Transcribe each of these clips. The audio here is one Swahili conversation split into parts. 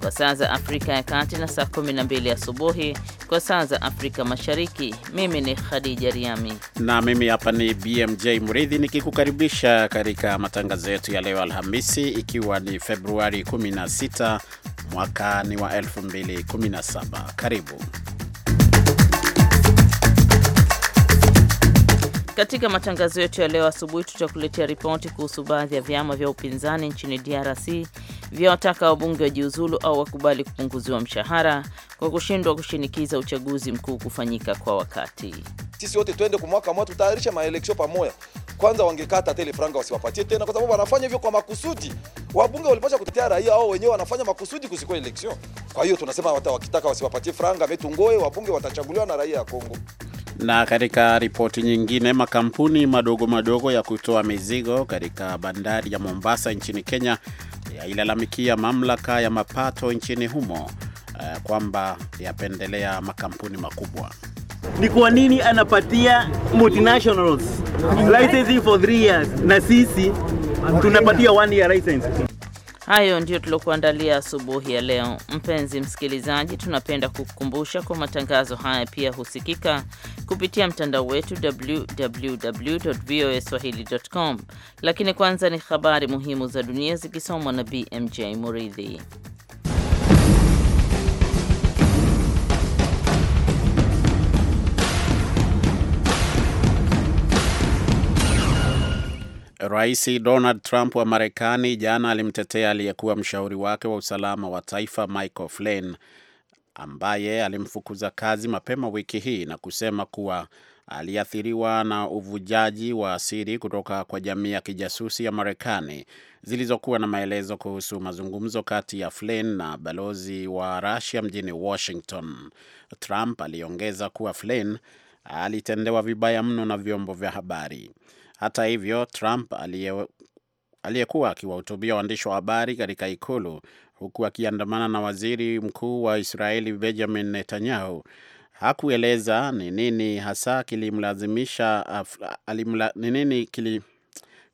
kwa saa za Afrika ya Kati na saa 12 asubuhi kwa saa za Afrika Mashariki. Mimi ni Khadija Riami na mimi hapa ni BMJ Mridhi nikikukaribisha katika matangazo yetu ya leo Alhamisi, ikiwa ni Februari 16 mwaka ni wa 2017. Karibu Katika matangazo yetu ya leo asubuhi, tutakuletea ripoti kuhusu baadhi ya vyama vya upinzani nchini DRC vyawataka wabunge wajiuzulu au wakubali kupunguziwa mshahara kwa kushindwa kushinikiza uchaguzi mkuu kufanyika kwa wakati. Sisi wote tuende kumwaka mwa tutayarisha maeleksio pamoja. Kwanza wangekata tele franga wasiwapatie tena, kwa sababu wanafanya hivyo kwa makusudi. Wabunge walipasha kutetea raia au wenyewe, wanafanya makusudi kusikuwa eleksio. Kwa hiyo tunasema wakitaka wasiwapatie franga metungoe, wabunge watachaguliwa na raia ya Kongo. Na katika ripoti nyingine, makampuni madogo madogo ya kutoa mizigo katika bandari ya Mombasa nchini Kenya yailalamikia mamlaka ya mapato nchini humo uh, kwamba yapendelea makampuni makubwa. Ni kwa nini anapatia multinationals licensing for 3 years na sisi tunapatia one year license? Hayo ndiyo tuliokuandalia asubuhi ya leo. Mpenzi msikilizaji, tunapenda kukukumbusha kwa matangazo haya pia husikika kupitia mtandao wetu www voa swahilicom Lakini kwanza ni habari muhimu za dunia zikisomwa na BMJ Muridhi. Rais Donald Trump wa Marekani jana alimtetea aliyekuwa mshauri wake wa usalama wa taifa Michael Flynn ambaye alimfukuza kazi mapema wiki hii na kusema kuwa aliathiriwa na uvujaji wa siri kutoka kwa jamii ya kijasusi ya Marekani zilizokuwa na maelezo kuhusu mazungumzo kati ya Flynn na balozi wa Russia mjini Washington. Trump aliongeza kuwa Flynn alitendewa vibaya mno na vyombo vya habari. Hata hivyo, Trump aliyekuwa akiwahutubia waandishi wa habari katika ikulu huku akiandamana na waziri mkuu wa Israeli Benjamin Netanyahu hakueleza ni nini hasa kilimlazimisha ni nini kili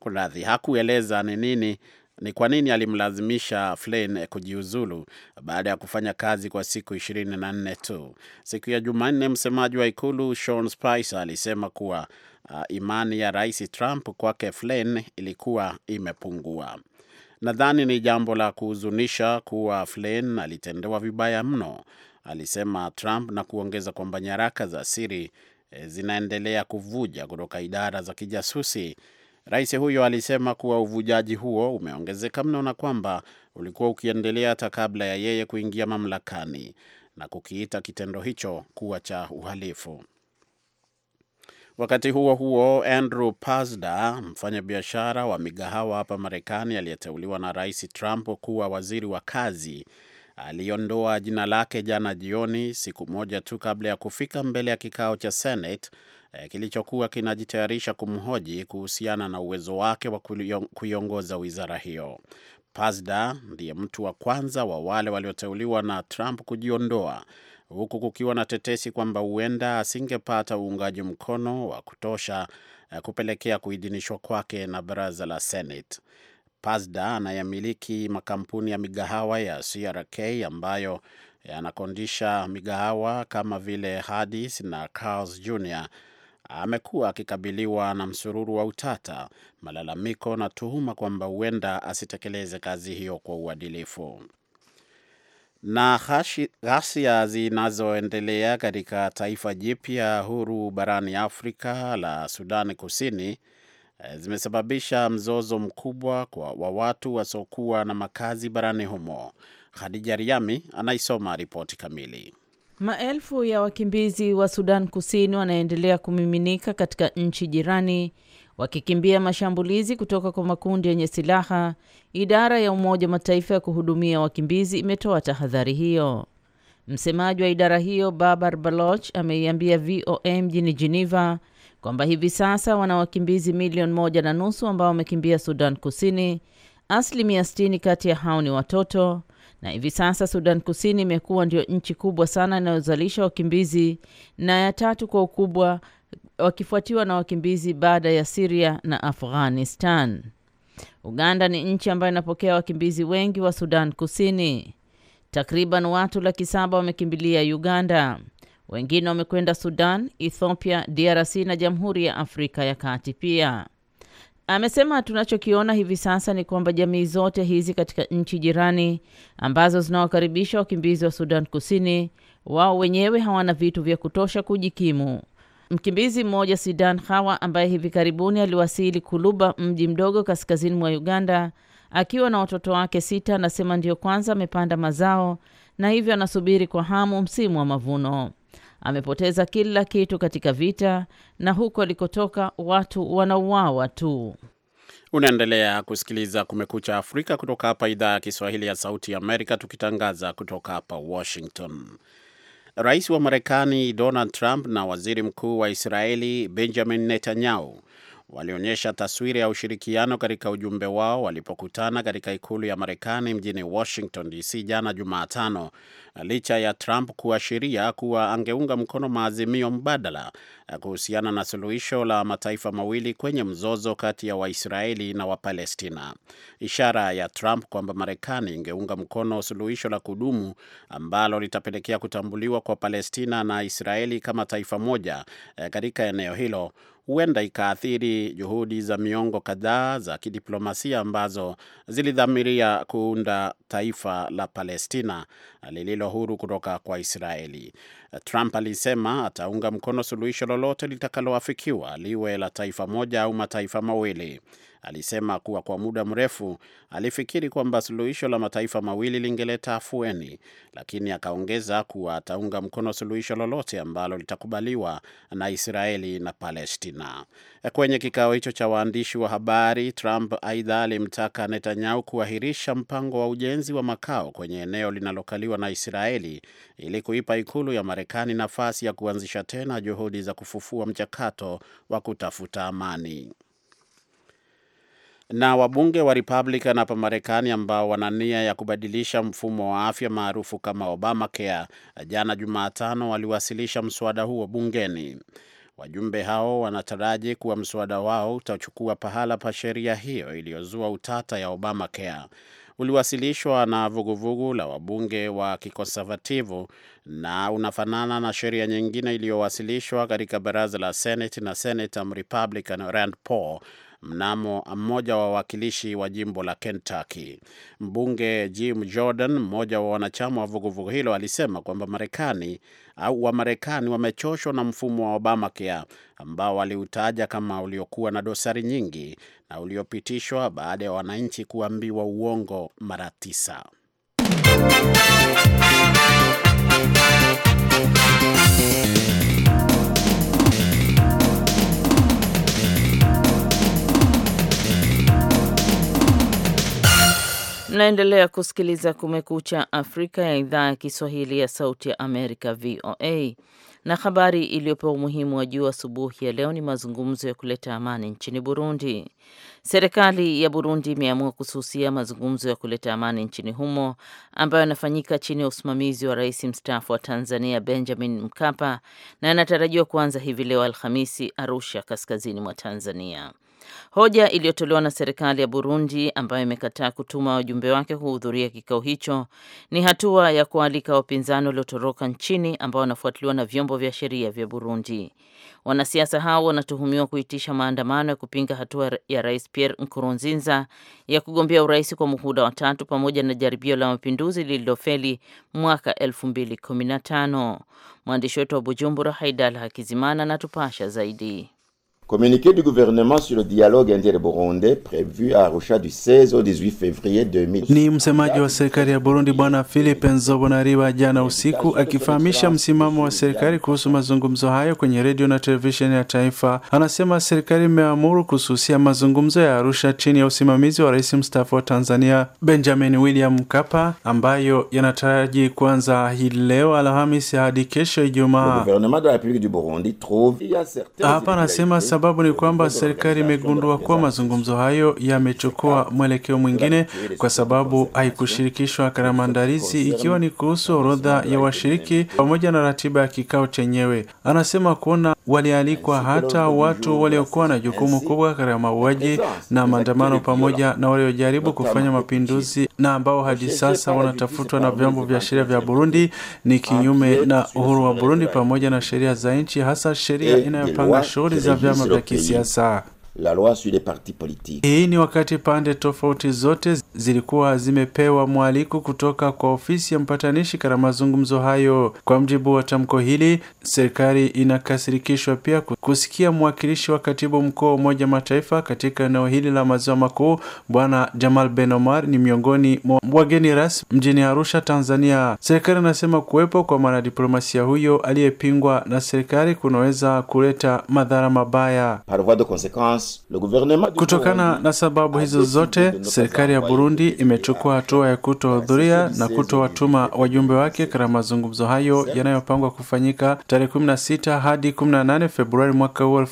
radhi, hakueleza ni nini ni kwa nini alimlazimisha Flynn kujiuzulu baada ya kufanya kazi kwa siku 24 tu. Siku ya Jumanne, msemaji wa ikulu Sean Spicer alisema kuwa uh, imani ya rais Trump kwake Flynn ilikuwa imepungua. Nadhani ni jambo la kuhuzunisha kuwa Flynn alitendewa vibaya mno, alisema Trump na kuongeza kwamba nyaraka za siri eh, zinaendelea kuvuja kutoka idara za kijasusi. Rais huyo alisema kuwa uvujaji huo umeongezeka mno na kwamba ulikuwa ukiendelea hata kabla ya yeye kuingia mamlakani na kukiita kitendo hicho kuwa cha uhalifu. Wakati huo huo, Andrew Pasda, mfanyabiashara wa migahawa hapa Marekani aliyeteuliwa na Rais Trump kuwa waziri wa kazi, aliondoa jina lake jana jioni, siku moja tu kabla ya kufika mbele ya kikao cha Senate eh, kilichokuwa kinajitayarisha kumhoji kuhusiana na uwezo wake wa kuiongoza wizara hiyo. Pasda ndiye mtu wa kwanza wa wale walioteuliwa na Trump kujiondoa huku kukiwa na tetesi kwamba huenda asingepata uungaji mkono wa kutosha eh, kupelekea kuidhinishwa kwake na baraza la Senate. pasda anayemiliki makampuni ya migahawa ya CRK ambayo yanakondisha eh, migahawa kama vile Hadis na Carls Jr amekuwa akikabiliwa na msururu wa utata, malalamiko na tuhuma kwamba huenda asitekeleze kazi hiyo kwa uadilifu. Na ghasia zinazoendelea katika taifa jipya huru barani Afrika la Sudani Kusini eh, zimesababisha mzozo mkubwa kwa wa watu wasiokuwa na makazi barani humo. Khadija Riami anaisoma ripoti kamili. Maelfu ya wakimbizi wa Sudan Kusini wanaendelea kumiminika katika nchi jirani wakikimbia mashambulizi kutoka kwa makundi yenye silaha. Idara ya Umoja wa Mataifa ya kuhudumia wakimbizi imetoa tahadhari hiyo. Msemaji wa idara hiyo Babar Baloch ameiambia VOA mjini Geneva kwamba hivi sasa wana wakimbizi milioni moja na nusu ambao wamekimbia Sudan Kusini. Asilimia 60 kati ya hao ni watoto, na hivi sasa Sudan Kusini imekuwa ndio nchi kubwa sana inayozalisha wakimbizi na ya tatu kwa ukubwa wakifuatiwa na wakimbizi baada ya Siria na Afghanistan. Uganda ni nchi ambayo inapokea wakimbizi wengi wa Sudan Kusini. Takriban watu laki saba wamekimbilia Uganda, wengine wamekwenda Sudan, Ethiopia, DRC na Jamhuri ya Afrika ya Kati pia. Amesema tunachokiona hivi sasa ni kwamba jamii zote hizi katika nchi jirani ambazo zinawakaribisha wakimbizi wa Sudan Kusini, wao wenyewe hawana vitu vya kutosha kujikimu. Mkimbizi mmoja Sidan Hawa ambaye hivi karibuni aliwasili Kuluba, mji mdogo kaskazini mwa Uganda, akiwa na watoto wake sita, anasema ndiyo kwanza amepanda mazao na hivyo anasubiri kwa hamu msimu wa mavuno. Amepoteza kila kitu katika vita na huko alikotoka watu wanauawa tu. Unaendelea kusikiliza Kumekucha Afrika kutoka hapa idhaa ya Kiswahili ya Sauti ya Amerika, tukitangaza kutoka hapa Washington. Rais wa Marekani Donald Trump na waziri mkuu wa Israeli Benjamin Netanyahu walionyesha taswira ya ushirikiano katika ujumbe wao walipokutana katika ikulu ya Marekani mjini Washington DC jana Jumatano, licha ya Trump kuashiria kuwa angeunga mkono maazimio mbadala eh, kuhusiana na suluhisho la mataifa mawili kwenye mzozo kati ya Waisraeli na Wapalestina. Ishara ya Trump kwamba Marekani ingeunga mkono suluhisho la kudumu ambalo litapelekea kutambuliwa kwa Palestina na Israeli kama taifa moja eh, katika eneo hilo huenda ikaathiri juhudi za miongo kadhaa za kidiplomasia ambazo zilidhamiria kuunda taifa la Palestina lililo huru kutoka kwa Israeli. Trump alisema ataunga mkono suluhisho lolote litakaloafikiwa, liwe la taifa moja au mataifa mawili alisema kuwa kwa muda mrefu alifikiri kwamba suluhisho la mataifa mawili lingeleta afueni, lakini akaongeza kuwa ataunga mkono suluhisho lolote ambalo litakubaliwa na Israeli na Palestina. Kwenye kikao hicho cha waandishi wa habari, Trump aidha alimtaka Netanyahu kuahirisha mpango wa ujenzi wa makao kwenye eneo linalokaliwa na Israeli ili kuipa ikulu ya Marekani nafasi ya kuanzisha tena juhudi za kufufua mchakato wa kutafuta amani. Na wabunge wa Republican hapa Marekani ambao wana nia ya kubadilisha mfumo wa afya maarufu kama Obamacare, jana Jumatano waliwasilisha mswada huo bungeni. Wajumbe hao wanataraji kuwa mswada wao utachukua pahala pa sheria hiyo iliyozua utata ya Obamacare. Uliwasilishwa na vuguvugu la wabunge wa kikonsevativu na unafanana na sheria nyingine iliyowasilishwa katika baraza la Senate na Senator Mrepublican Rand Paul mnamo mmoja wa wawakilishi wa jimbo la Kentucky. Mbunge Jim Jordan, mmoja wa wanachama wa vuguvugu hilo, alisema kwamba Marekani au Wamarekani wamechoshwa na mfumo wa Obamacare ambao waliutaja kama uliokuwa na dosari nyingi na uliopitishwa baada ya wananchi kuambiwa uongo mara tisa. Mnaendelea kusikiliza Kumekucha Afrika ya idhaa ya Kiswahili ya Sauti ya Amerika, VOA. Na habari iliyopewa umuhimu wa juu asubuhi ya leo ni mazungumzo ya kuleta amani nchini Burundi. Serikali ya Burundi imeamua kususia mazungumzo ya kuleta amani nchini humo ambayo yanafanyika chini ya usimamizi wa rais mstaafu wa Tanzania Benjamin Mkapa na yanatarajiwa kuanza hivi leo Alhamisi Arusha, kaskazini mwa Tanzania. Hoja iliyotolewa na serikali ya Burundi ambayo imekataa kutuma wajumbe wake kuhudhuria kikao hicho ni hatua ya kualika wapinzani waliotoroka nchini ambao wanafuatiliwa na vyombo vya sheria vya Burundi. Wanasiasa hao wanatuhumiwa kuitisha maandamano ya kupinga hatua ya Rais Pierre Nkurunziza ya kugombea urais kwa muhula wa tatu pamoja na jaribio la mapinduzi lililofeli mwaka 2015. Mwandishi wetu wa Bujumbura Haidal Hakizimana anatupasha zaidi. Communiqué du gouvernement sur le dialogue inter-burundais prévu à Arusha du 16 au 18 février 2000. Ni msemaji wa serikali ya Burundi Bwana Philippe Nzobonariba jana usiku akifahamisha msimamo wa serikali kuhusu mazungumzo hayo kwenye redio na televisheni ya taifa. Anasema serikali imeamuru kususia mazungumzo ya Arusha chini ya usimamizi wa rais mstaafu wa Tanzania Benjamin William Mkapa, ambayo yanataraji kuanza hii leo Alhamisi hadi kesho Ijumaa. Hapa anasema sababu ni kwamba serikali imegundua kuwa mazungumzo hayo yamechukua mwelekeo mwingine, kwa sababu haikushirikishwa katika maandalizi, ikiwa ni kuhusu orodha ya washiriki pamoja na ratiba ya kikao chenyewe. Anasema kuona walialikwa hata watu waliokuwa na jukumu kubwa katika mauaji na maandamano, pamoja na waliojaribu kufanya mapinduzi na ambao hadi sasa wanatafutwa na vyombo vya sheria vya Burundi. Ni kinyume na uhuru wa Burundi pamoja na sheria za nchi, hasa sheria inayopanga shughuli za vyama vamos ver aqui se essa la loi sur les partis politiques. Hii ni wakati pande tofauti zote zilikuwa zimepewa mwaliko kutoka kwa ofisi ya mpatanishi katika mazungumzo hayo. Kwa mjibu wa tamko hili, serikali inakasirikishwa pia kusikia mwakilishi wa katibu mkuu wa Umoja Mataifa katika eneo hili la maziwa makuu, Bwana Jamal Ben Omar ni miongoni mwa wageni rasmi mjini Arusha, Tanzania. Serikali inasema kuwepo kwa mwanadiplomasia huyo aliyepingwa na serikali kunaweza kuleta madhara mabaya Par voie de conséquence Kutokana na sababu hizo zote, serikali ya Burundi imechukua hatua ya kutohudhuria na kutowatuma wajumbe wake katika mazungumzo hayo yanayopangwa kufanyika tarehe 16 hadi 18 Februari mwaka huu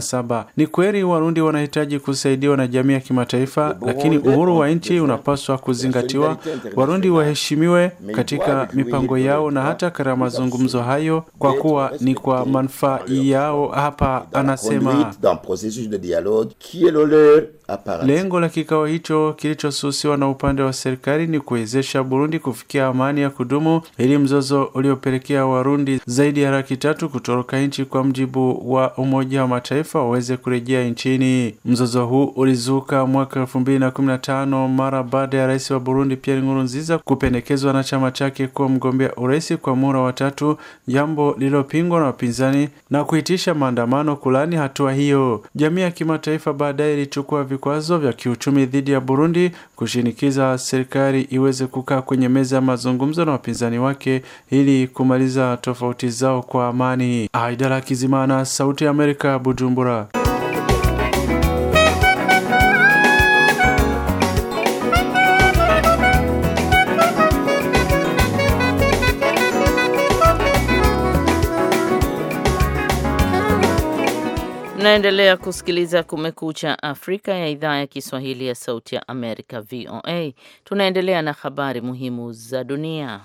saba. Ni kweli Warundi wanahitaji kusaidiwa na jamii ya kimataifa, lakini uhuru wa nchi unapaswa kuzingatiwa. Warundi waheshimiwe katika mipango yao na hata katika mazungumzo hayo, kwa kuwa ni kwa manufaa yao hapa, anasema de dialogue qui est le leur apparent. Lengo la kikao hicho kilichosusiwa na upande wa serikali ni kuwezesha Burundi kufikia amani ya kudumu ili mzozo uliopelekea Warundi zaidi ya laki tatu kutoroka nchi kwa mjibu wa Umoja wa Mataifa waweze kurejea nchini. Mzozo huu ulizuka mwaka elfu mbili na kumi na tano mara baada ya rais wa Burundi Pierre Nkurunziza kupendekezwa na chama chake kuwa mgombea urais kwa mura wa tatu, jambo lililopingwa na wapinzani na kuitisha maandamano kulani hatua hiyo. Jamii ya kimataifa baadaye ilichukua vikwazo vya kiuchumi dhidi ya Burundi kushinikiza serikali iweze kukaa kwenye meza ya mazungumzo na wapinzani wake ili kumaliza tofauti zao kwa amani. Aidara Kizimana, Sauti ya Amerika, Bujumbura. Mnaendelea kusikiliza Kumekucha Afrika ya idhaa ya Kiswahili ya Sauti ya Amerika, VOA. Tunaendelea na habari muhimu za dunia.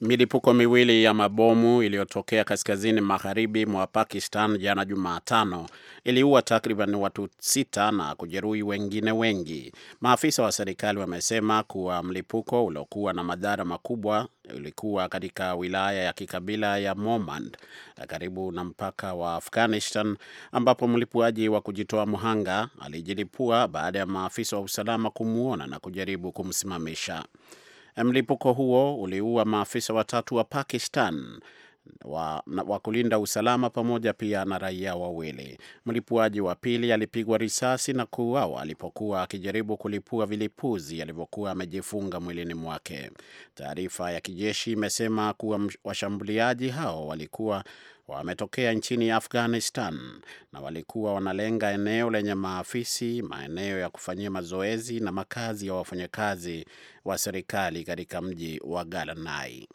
Milipuko miwili ya mabomu iliyotokea kaskazini magharibi mwa Pakistan jana Jumatano iliua takriban watu sita na kujeruhi wengine wengi. Maafisa wa serikali wamesema kuwa mlipuko uliokuwa na madhara makubwa ulikuwa katika wilaya ya kikabila ya Momand karibu na mpaka wa Afghanistan, ambapo mlipuaji wa kujitoa mhanga alijilipua baada ya maafisa wa usalama kumwona na kujaribu kumsimamisha. Mlipuko huo uliua maafisa watatu wa Pakistan wa, wa kulinda usalama pamoja pia na raia wawili. Mlipuaji wa pili alipigwa risasi na kuuawa alipokuwa akijaribu kulipua vilipuzi alivyokuwa amejifunga mwilini mwake. Taarifa ya kijeshi imesema kuwa washambuliaji hao walikuwa wametokea nchini Afghanistan na walikuwa wanalenga eneo lenye maafisi, maeneo ya kufanyia mazoezi na makazi ya wafanyakazi wa serikali katika mji wa Galanai.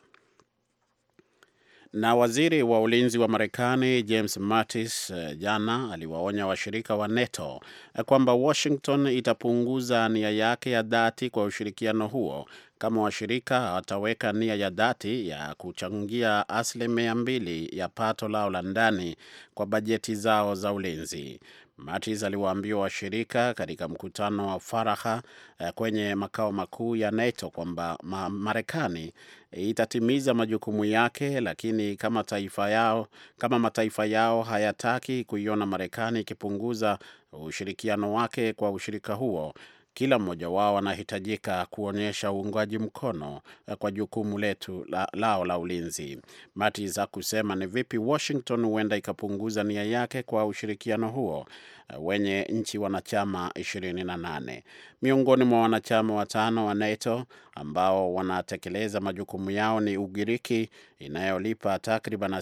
Na waziri wa ulinzi wa Marekani James Mattis eh, jana aliwaonya washirika wa NATO eh, kwamba Washington itapunguza nia yake ya dhati kwa ushirikiano huo kama washirika wataweka nia ya dhati ya kuchangia asilimia mbili ya pato lao la ndani kwa bajeti zao za ulinzi. Mattis aliwaambia washirika katika mkutano wa faraha eh, kwenye makao makuu ya NATO kwamba Marekani itatimiza majukumu yake, lakini kama taifa yao kama mataifa yao hayataki kuiona Marekani ikipunguza ushirikiano wake kwa ushirika huo kila mmoja wao anahitajika kuonyesha uungaji mkono eh, kwa jukumu letu la, lao la ulinzi. Mattis hakusema ni vipi Washington huenda ikapunguza nia yake kwa ushirikiano huo eh, wenye nchi wanachama 28. Miongoni mwa wanachama watano wa NATO ambao wanatekeleza majukumu yao ni Ugiriki inayolipa takriban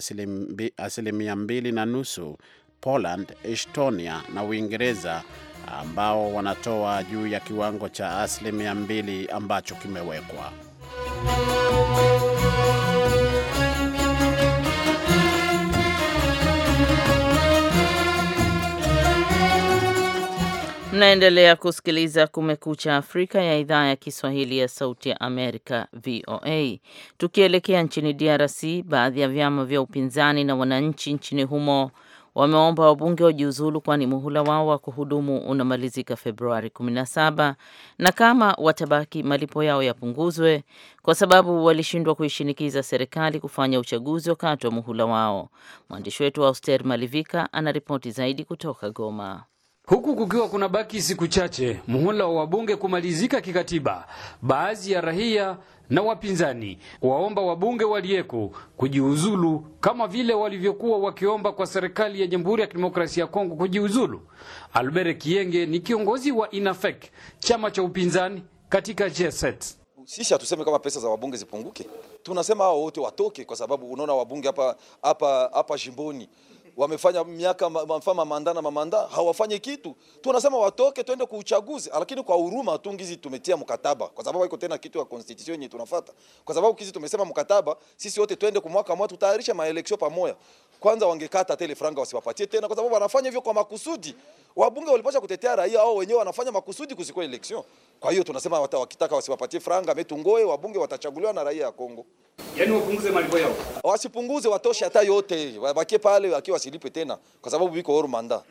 asilimia mbili na nusu, Poland, Estonia na Uingereza ambao wanatoa juu ya kiwango cha asilimia mbili ambacho kimewekwa. Mnaendelea kusikiliza Kumekucha Afrika ya idhaa ya Kiswahili ya Sauti ya Amerika, VOA. Tukielekea nchini DRC, baadhi ya vyama vya upinzani na wananchi nchini humo wameomba wabunge wajiuzulu, kwani muhula wao wa kuhudumu unamalizika Februari 17 na kama watabaki, malipo yao yapunguzwe, kwa sababu walishindwa kuishinikiza serikali kufanya uchaguzi wakati wa muhula wao. Mwandishi wetu wa Auster Malivika ana ripoti zaidi kutoka Goma. Huku kukiwa kuna baki siku chache muhula wa wabunge kumalizika kikatiba, baadhi ya rahia na wapinzani waomba wabunge waliyeko kujiuzulu kama vile walivyokuwa wakiomba kwa serikali ya Jamhuri ya Kidemokrasia ya Kongo kujiuzulu. Albert Kienge ni kiongozi wa INAFEC, chama cha upinzani katika JSET. Sisi hatuseme kama pesa za wabunge zipunguke, tunasema hao wote watoke, kwa sababu unaona wabunge hapa hapa hapa jimboni wamefanya miaka mfama mandana mamanda hawafanye kitu, tunasema watoke twende uchaguzi lakini kwa huruma tu ngizi tumetia mkataba, kwa sababu iko tena kitu ya constitution yenye tunafuata, kwa sababu kizi tumesema mkataba sisi wote twende kumwaka mwaka tutayarisha maelekeo pamoja kwanza wangekata hata ile franga wasiwapatie tena, kwa sababu wanafanya hivyo kwa makusudi. Wabunge walipasha kutetea raia au wenyewe, wanafanya makusudi kusikuwa election. Kwa hiyo tunasema hata wakitaka wasiwapatie franga metungoe, wabunge watachaguliwa na raia ya Kongo. Yani wapunguze malipo yao, wasipunguze, watoshe hata yote, wabakie pale wakiwa wasilipe tena, kwa sababu wiko huru manda.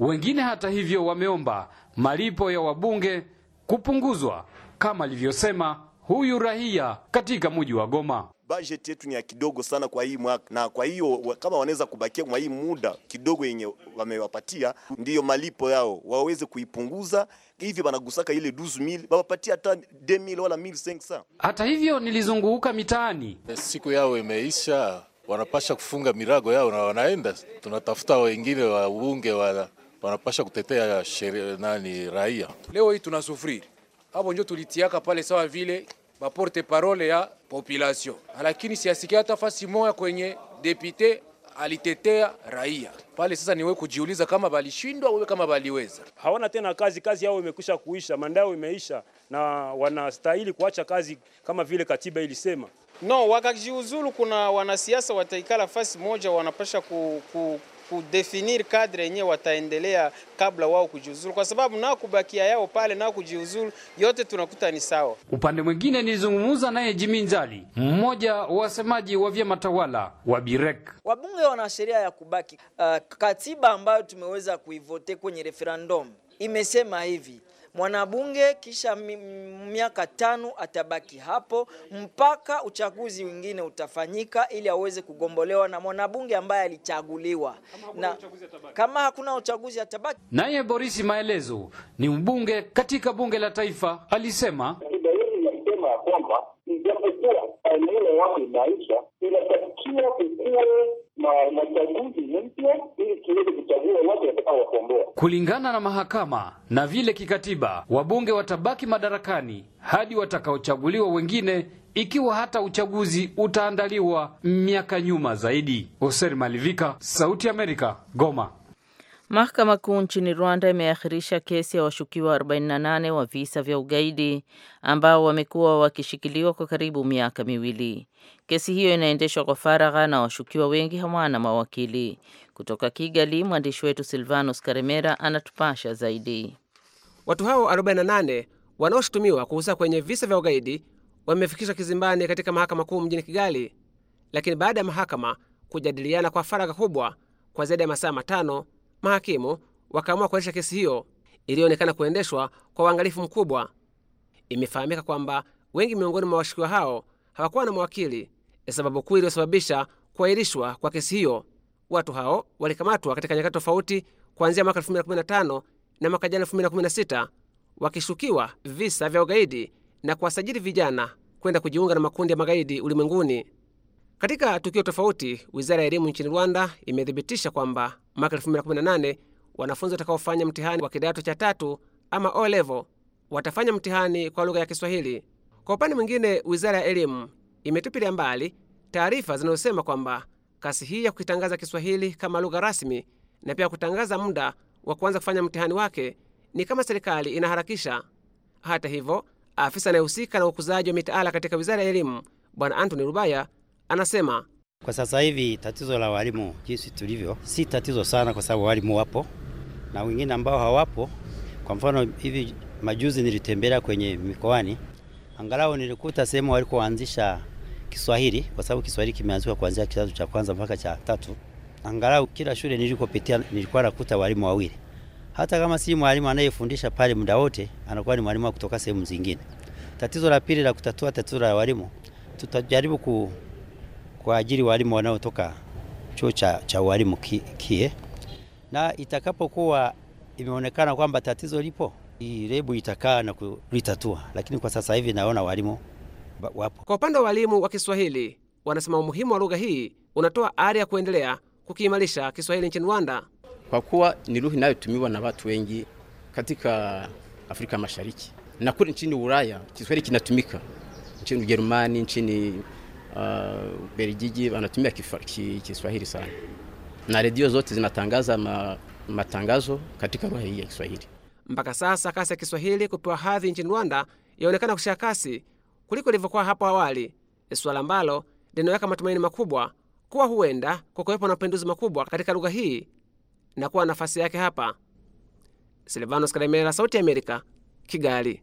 Wengine hata hivyo wameomba malipo ya wabunge kupunguzwa kama alivyosema huyu raia katika mji wa Goma budget yetu ni ya kidogo sana kwa hii mwaka, na kwa hiyo kama wanaweza kubakia kwa hii muda kidogo yenye wamewapatia, ndiyo malipo yao waweze kuipunguza, hivi wanagusaka ile 12000 wawapatia hata 2000 wala 1500. Hata hivyo nilizunguka mitaani, siku yao imeisha, wanapasha kufunga mirago yao na wanaenda, tunatafuta wengine wa ubunge wa wanapasha kutetea sheria nani raia. Leo hii tunasufiri hapo, ndio tulitiaka pale sawa vile porte parole ya population, lakini siasikia hata fasi moja kwenye depute alitetea raia pale. Sasa niwe kujiuliza kama balishindwa wewe kama baliweza, hawana tena kazi, kazi yao imekwisha kuisha, mandao imeisha, na wanastahili kuacha kazi kama vile katiba ilisema. No, wakajiuzulu. Kuna wanasiasa wataikala fasi moja, wanapasha ku, ku, kudefinir kadre yenyewe wataendelea kabla wao kujiuzuru, kwa sababu nao kubakia yao pale nao kujiuzuru, yote tunakuta ni sawa. Upande mwingine nilizungumza naye Jimi Nzali, mmoja wasemaji wa vyama tawala wa Birek. Wabunge wana sheria ya kubaki. Uh, katiba ambayo tumeweza kuivote kwenye referendum imesema hivi mwanabunge, kisha miaka tano atabaki hapo mpaka uchaguzi mwingine utafanyika, ili aweze kugombolewa na mwanabunge ambaye alichaguliwa. Na kama hakuna uchaguzi atabaki naye. Boris Maelezo ni mbunge katika bunge la taifa, alisema kwamba ijapokuwa aeneo wako inaisha inatakiwa kukuwe machaguzi mpya ili tuweze kuchagua watu watakaowagombea kulingana na mahakama na vile kikatiba. Wabunge watabaki madarakani hadi watakaochaguliwa wengine, ikiwa hata uchaguzi utaandaliwa miaka nyuma zaidi. Hoser Malivika, Sauti ya Amerika, Goma. Mahakama Kuu nchini Rwanda imeahirisha kesi ya washukiwa 48 wa visa vya ugaidi ambao wamekuwa wakishikiliwa kwa karibu miaka miwili. Kesi hiyo inaendeshwa kwa faragha na washukiwa wengi hawana mawakili. Kutoka Kigali, mwandishi wetu Silvanos Karemera anatupasha zaidi. Watu hao 48 wanaoshutumiwa kuhusika kwenye visa vya ugaidi wamefikishwa kizimbani katika mahakama kuu mjini Kigali, lakini baada ya mahakama kujadiliana kwa faragha kubwa kwa zaidi ya masaa matano mahakimu wakaamua kuendesha kesi hiyo iliyoonekana kuendeshwa kwa uangalifu mkubwa. Imefahamika kwamba wengi miongoni mwa washukiwa hao hawakuwa na mawakili, sababu kuu iliyosababisha kuahirishwa kwa kesi hiyo. Watu hao walikamatwa katika nyakati tofauti kuanzia mwaka 2015 na mwaka jana 2016, wakishukiwa visa vya ugaidi na kuwasajili vijana kwenda kujiunga na makundi ya magaidi ulimwenguni. Katika tukio tofauti, wizara ya elimu nchini Rwanda imethibitisha kwamba mwaka 2018 wanafunzi watakaofanya mtihani wa kidato cha tatu ama O level watafanya mtihani kwa lugha ya Kiswahili. Kwa upande mwingine, wizara ya elimu imetupilia mbali taarifa zinazosema kwamba kasi hii ya kukitangaza Kiswahili kama lugha rasmi na pia kutangaza muda wa kuanza kufanya mtihani wake ni kama serikali inaharakisha. Hata hivyo, afisa anayehusika na ukuzaji wa mitaala katika wizara ya elimu Bwana Antony Rubaya Anasema kwa sasa hivi tatizo la walimu jinsi tulivyo si tatizo sana, kwa sababu walimu wapo na wengine ambao hawapo. Kwa mfano hivi majuzi nilitembelea kwenye mikoani, angalau nilikuta sehemu walikoanzisha Kiswahili, kwa sababu Kiswahili kimeanzishwa kuanzia kidato cha kwanza mpaka cha tatu. Angalau kila shule nilikopitia nilikuwa nakuta walimu wawili, hata kama si mwalimu anayefundisha pale muda wote, anakuwa ni mwalimu kutoka sehemu zingine. Tatizo la pili la kutatua tatizo la walimu, tutajaribu ku kwa ajili walimu wanaotoka chuo cha, cha walimu KIE, na itakapokuwa imeonekana kwamba tatizo lipo, lebu itakaa na kulitatua, lakini kwa sasa hivi naona walimu wapo. Kwa upande wa walimu wa Kiswahili, wanasema umuhimu wa lugha hii unatoa ari ya kuendelea kukiimarisha Kiswahili nchini Rwanda, kwa kuwa ni lugha inayotumiwa na watu wengi katika Afrika Mashariki na kule nchini Ulaya. Kiswahili kinatumika nchini Ujerumani, nchini Ubelgiji uh, wanatumia Kiswahili sana na redio zote zinatangaza ma, matangazo katika lugha hii ya Kiswahili. Mpaka sasa kasi ya Kiswahili kupewa hadhi nchini Rwanda yaonekana kushika kasi kuliko ilivyokuwa hapo awali, suala ambalo linaweka matumaini makubwa kuwa huenda kukuwepo na mapinduzi makubwa katika lugha hii na kuwa nafasi yake hapa. Silvanos Karemera, Sauti ya Amerika, Kigali.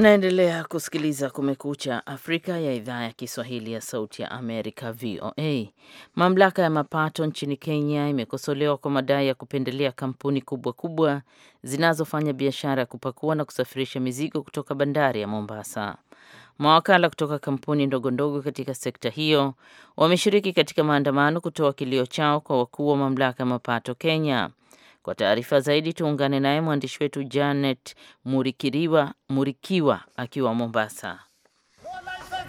Naendelea kusikiliza Kumekucha Afrika ya idhaa ya Kiswahili ya Sauti ya Amerika, VOA. Mamlaka ya mapato nchini Kenya imekosolewa kwa madai ya kupendelea kampuni kubwa kubwa zinazofanya biashara ya kupakua na kusafirisha mizigo kutoka bandari ya Mombasa. Mawakala kutoka kampuni ndogo ndogo katika sekta hiyo wameshiriki katika maandamano kutoa kilio chao kwa wakuu wa mamlaka ya mapato Kenya. Kwa taarifa zaidi tuungane naye mwandishi wetu Janet Murikiriwa, Murikiwa akiwa Mombasa.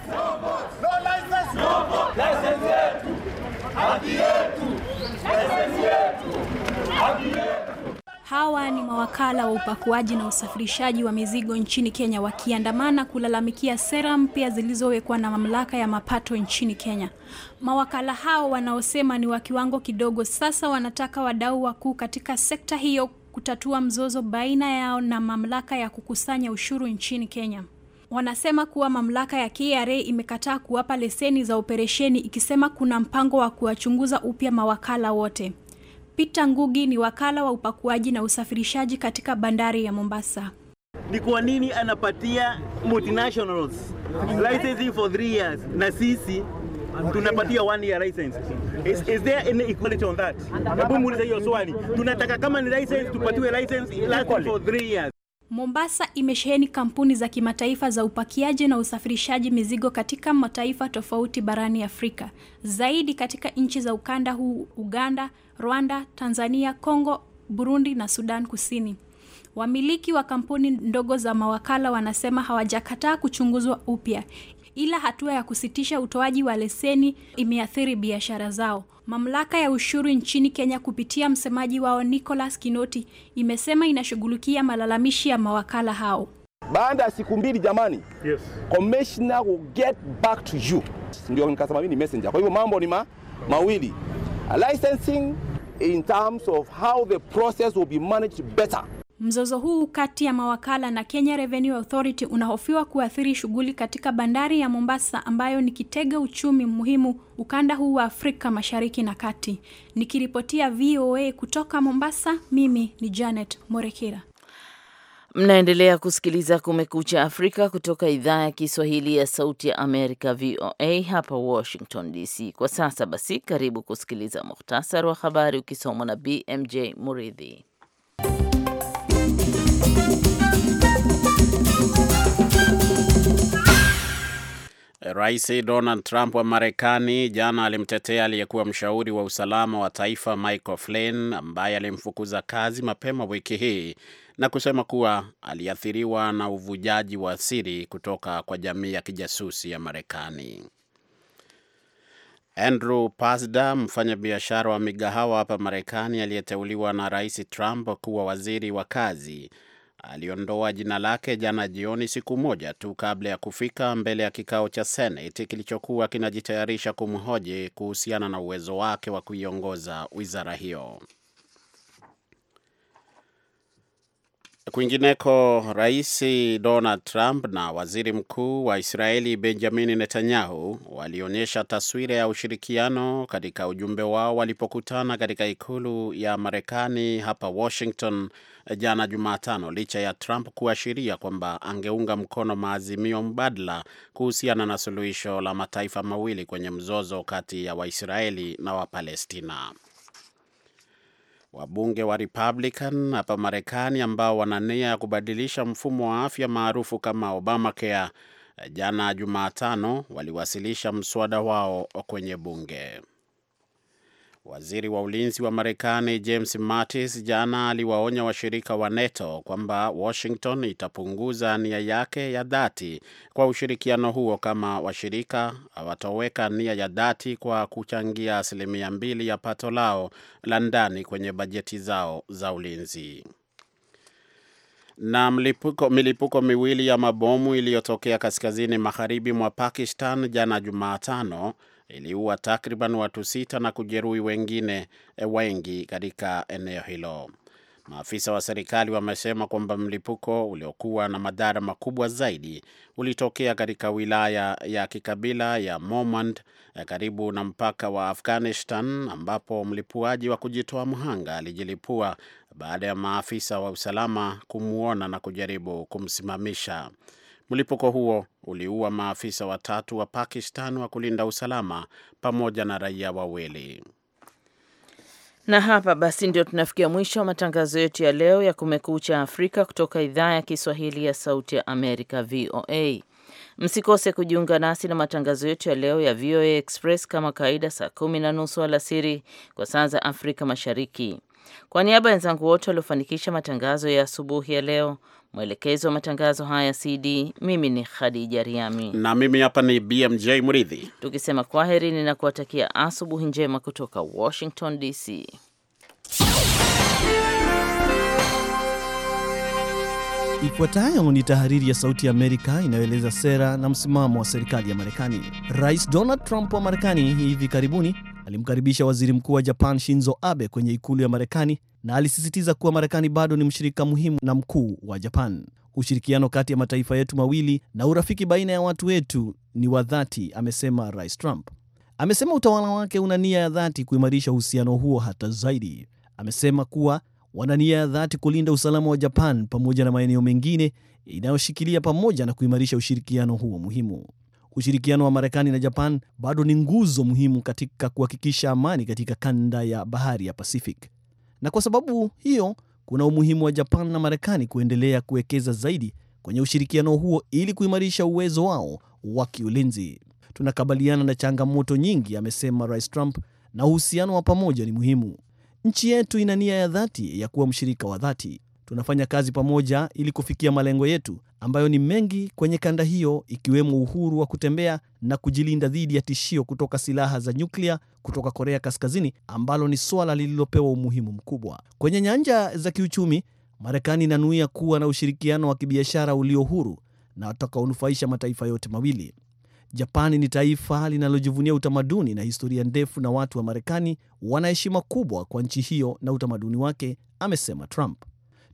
No license, no Hawa ni mawakala wa upakuaji na usafirishaji wa mizigo nchini Kenya wakiandamana kulalamikia sera mpya zilizowekwa na mamlaka ya mapato nchini Kenya. Mawakala hao wanaosema ni wa kiwango kidogo sasa wanataka wadau wakuu katika sekta hiyo kutatua mzozo baina yao na mamlaka ya kukusanya ushuru nchini Kenya. Wanasema kuwa mamlaka ya KRA imekataa kuwapa leseni za operesheni ikisema kuna mpango wa kuwachunguza upya mawakala wote. Peter Ngugi ni wakala wa upakuaji na usafirishaji katika bandari ya Mombasa. Ni kwa nini anapatia multinationals license for three years na sisi tunapatia one year license. Is, is there any equality on that? Hebu muulize hiyo swali. Tunataka kama ni license tupatiwe license lasting for three years. Mombasa imesheheni kampuni za kimataifa za upakiaji na usafirishaji mizigo katika mataifa tofauti barani Afrika, zaidi katika nchi za ukanda huu: Uganda, Rwanda, Tanzania, Kongo, Burundi na Sudan Kusini. Wamiliki wa kampuni ndogo za mawakala wanasema hawajakataa kuchunguzwa upya ila hatua ya kusitisha utoaji wa leseni imeathiri biashara zao. Mamlaka ya ushuru nchini Kenya kupitia msemaji wao Nicholas Kinoti imesema inashughulikia malalamishi ya mawakala hao. Baada ya siku mbili jamani, yes. Commissioner will get back to you. Ndio nikasema mimi ni messenger. Kwa hivyo mambo ni ma, mawili. A licensing in terms of how the process will be managed better. Mzozo huu kati ya mawakala na Kenya Revenue Authority unahofiwa kuathiri shughuli katika bandari ya Mombasa ambayo ni kitega uchumi muhimu ukanda huu wa Afrika Mashariki na Kati. Nikiripotia VOA kutoka Mombasa, mimi ni Janet Morekera. Mnaendelea kusikiliza Kumekucha Afrika kutoka idhaa ya Kiswahili ya Sauti ya Amerika, VOA hapa Washington DC. Kwa sasa basi, karibu kusikiliza muhtasari wa habari ukisomwa na BMJ Muridhi. Rais Donald Trump wa Marekani jana alimtetea aliyekuwa mshauri wa usalama wa taifa Michael Flynn ambaye alimfukuza kazi mapema wiki hii na kusema kuwa aliathiriwa na uvujaji wa siri kutoka kwa jamii ya kijasusi ya Marekani. Andrew Pasda, mfanyabiashara wa migahawa hapa Marekani aliyeteuliwa na Rais Trump kuwa waziri wa kazi, aliondoa jina lake jana jioni, siku moja tu kabla ya kufika mbele ya kikao cha seneti kilichokuwa kinajitayarisha kumhoji kuhusiana na uwezo wake wa kuiongoza wizara hiyo. Kwingineko, Rais Donald Trump na waziri mkuu wa Israeli Benjamin Netanyahu walionyesha taswira ya ushirikiano katika ujumbe wao walipokutana katika ikulu ya Marekani hapa Washington jana Jumatano, licha ya Trump kuashiria kwamba angeunga mkono maazimio mbadala kuhusiana na suluhisho la mataifa mawili kwenye mzozo kati ya Waisraeli na Wapalestina. Wabunge wa Republican hapa Marekani ambao wana nia ya kubadilisha mfumo wa afya maarufu kama Obamacare, jana Jumatano waliwasilisha mswada wao kwenye bunge. Waziri wa ulinzi wa Marekani James Mattis jana aliwaonya washirika wa NATO kwamba Washington itapunguza nia yake ya dhati kwa ushirikiano huo kama washirika hawatoweka nia ya dhati kwa kuchangia asilimia mbili ya pato lao la ndani kwenye bajeti zao za ulinzi. Na mlipuko, milipuko miwili ya mabomu iliyotokea kaskazini magharibi mwa Pakistan jana Jumatano iliua takriban watu sita na kujeruhi wengine eh, wengi katika eneo hilo. Maafisa wa serikali wamesema kwamba mlipuko uliokuwa na madhara makubwa zaidi ulitokea katika wilaya ya kikabila ya Momand eh, karibu na mpaka wa Afghanistan, ambapo mlipuaji wa kujitoa mhanga alijilipua baada ya maafisa wa usalama kumwona na kujaribu kumsimamisha. Mlipuko huo uliua maafisa watatu wa Pakistan wa kulinda usalama pamoja na raia wawili. Na hapa basi ndio tunafikia mwisho wa matangazo yetu ya leo ya Kumekucha Afrika kutoka idhaa ya Kiswahili ya Sauti ya Amerika, VOA. Msikose kujiunga nasi na matangazo yetu ya leo ya VOA Express kama kawaida, saa kumi na nusu alasiri kwa saa za Afrika Mashariki. Kwa niaba ya wenzangu wote waliofanikisha matangazo ya asubuhi ya leo, mwelekezi wa matangazo haya CD, mimi ni Khadija Riami na mimi hapa ni BMJ Mridhi, tukisema kwaheri ninakuwatakia asubuhi njema kutoka Washington DC. Ifuatayo ni tahariri ya Sauti ya Amerika inayoeleza sera na msimamo wa serikali ya Marekani. Rais Donald Trump wa Marekani hivi karibuni alimkaribisha waziri mkuu wa Japan Shinzo Abe kwenye ikulu ya Marekani na alisisitiza kuwa Marekani bado ni mshirika muhimu na mkuu wa Japan. Ushirikiano kati ya mataifa yetu mawili na urafiki baina ya watu wetu ni wa dhati, amesema Rais Trump. Amesema utawala wake una nia ya dhati kuimarisha uhusiano huo hata zaidi. Amesema kuwa wana nia ya dhati kulinda usalama wa Japan pamoja na maeneo mengine inayoshikilia pamoja na kuimarisha ushirikiano huo muhimu ushirikiano wa Marekani na Japan bado ni nguzo muhimu katika kuhakikisha amani katika kanda ya bahari ya Pacific, na kwa sababu hiyo kuna umuhimu wa Japan na Marekani kuendelea kuwekeza zaidi kwenye ushirikiano huo ili kuimarisha uwezo wao wa kiulinzi. Tunakabiliana na changamoto nyingi, amesema Rais Trump, na uhusiano wa pamoja ni muhimu. Nchi yetu ina nia ya dhati ya kuwa mshirika wa dhati. Tunafanya kazi pamoja ili kufikia malengo yetu ambayo ni mengi kwenye kanda hiyo, ikiwemo uhuru wa kutembea na kujilinda dhidi ya tishio kutoka silaha za nyuklia kutoka Korea Kaskazini, ambalo ni swala lililopewa umuhimu mkubwa. Kwenye nyanja za kiuchumi, Marekani inanuia kuwa na ushirikiano wa kibiashara ulio huru na watakaonufaisha mataifa yote mawili. Japani ni taifa linalojivunia utamaduni na historia ndefu na watu wa Marekani wana heshima kubwa kwa nchi hiyo na utamaduni wake, amesema Trump.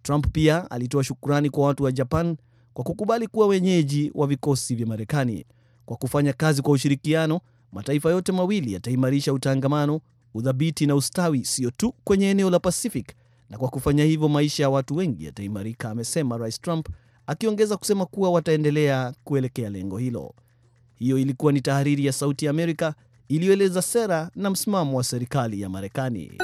Trump pia alitoa shukrani kwa watu wa Japan kwa kukubali kuwa wenyeji wa vikosi vya Marekani. Kwa kufanya kazi kwa ushirikiano, mataifa yote mawili yataimarisha utangamano, uthabiti na ustawi, sio tu kwenye eneo la Pacific, na kwa kufanya hivyo maisha ya watu wengi yataimarika, amesema Rais Trump, akiongeza kusema kuwa wataendelea kuelekea lengo hilo. Hiyo ilikuwa ni tahariri ya Sauti ya Amerika iliyoeleza sera na msimamo wa serikali ya Marekani.